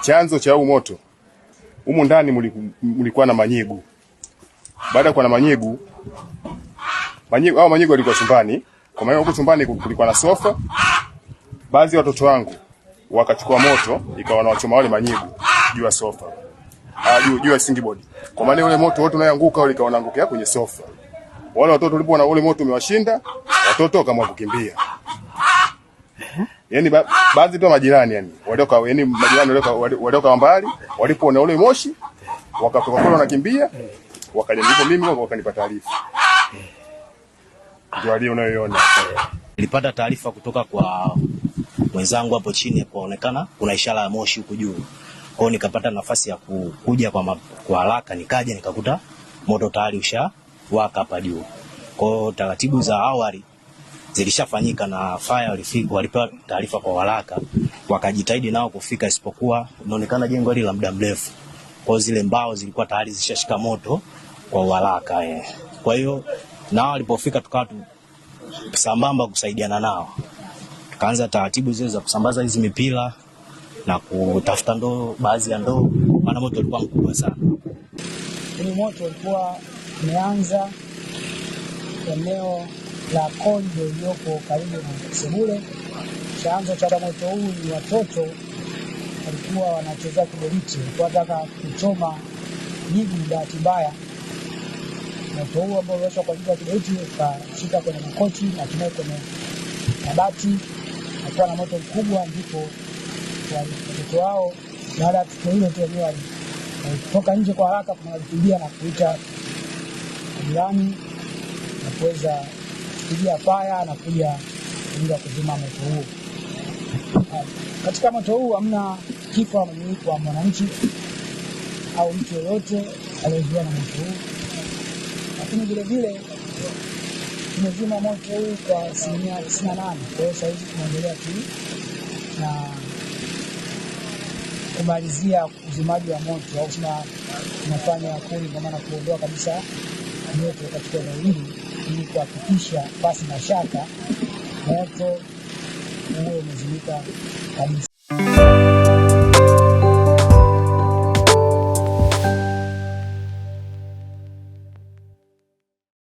Chanzo cha huu moto, humu ndani mlikuwa na manyegu. Baada ya kuwa na manyegu, manyegu au manyegu walikuwa chumbani. Kwa maana huko chumbani kulikuwa na sofa. Baadhi ya watoto wangu wakachukua moto, ikawa na wale manyegu juu ya sofa. Ah, juu juu ya singboard. Kwa maana ule moto wote unayanguka ule ikawa unaangukia kwenye sofa. Wale watoto walipoona ule moto umewashinda, watoto kama kukimbia. Yaani baadhi tu majirani yani walioka yani majirani walioka walioka mbali walipoona ule moshi wakatoka kule wanakimbia wakaja ndipo mimi wakanipa taarifa ndio hali unayoiona nilipata taarifa kutoka kwa mwenzangu hapo chini kuonekana kuna ishara ya moshi huko juu kwao nikapata nafasi ya kuja kwa, ma, kwa haraka nikaja nikakuta moto tayari ushawaka hapa juu kwao taratibu za awali zilishafanyika na faya walifika, walipewa taarifa kwa haraka, wakajitahidi nao kufika, isipokuwa inaonekana jengo hili la muda mrefu, kwa zile mbao zilikuwa tayari zishashika moto kwa haraka eh. Kwa hiyo nao walipofika, tukawa sambamba kusaidiana nao, tukaanza taratibu zile za kusambaza hizi mipira na kutafuta ndoo, baadhi ya ndoo, maana moto ulikuwa mkubwa sana. Huu moto ulikuwa umeanza eneo la Konjo iliyoko karibu na sebule. Chanzo cha moto huu ni watoto walikuwa wanachezea kiberiti, walikuwa wanataka kuchoma miguu. Bahati mbaya moto huu ambao uliwashwa kwa ajili ya kiberiti ukashika kwenye makochi na hatimaye kwenye mabati nakuwa na moto mkubwa, ndipo watoto wao baada ya tukio hilo tu wenyewe walitoka nje kwa haraka, kuna walikimbia na kuita jirani na kuweza kupigia faya, anakuja kuja kuzima moto huo. Katika moto huu hamna kifo au wa mwananchi au mtu yoyote aliyezuia na moto huu, lakini vilevile tumezima moto huu kwa asilimia tisini na nane. Kwa hiyo sahizi tunaendelea tu na kumalizia uzimaji wa moto au tunafanya kuni, kwa maana kuondoa kabisa moto katika eneo hili ili kuhakikisha pasi na shaka moto huo umezimika kabisa.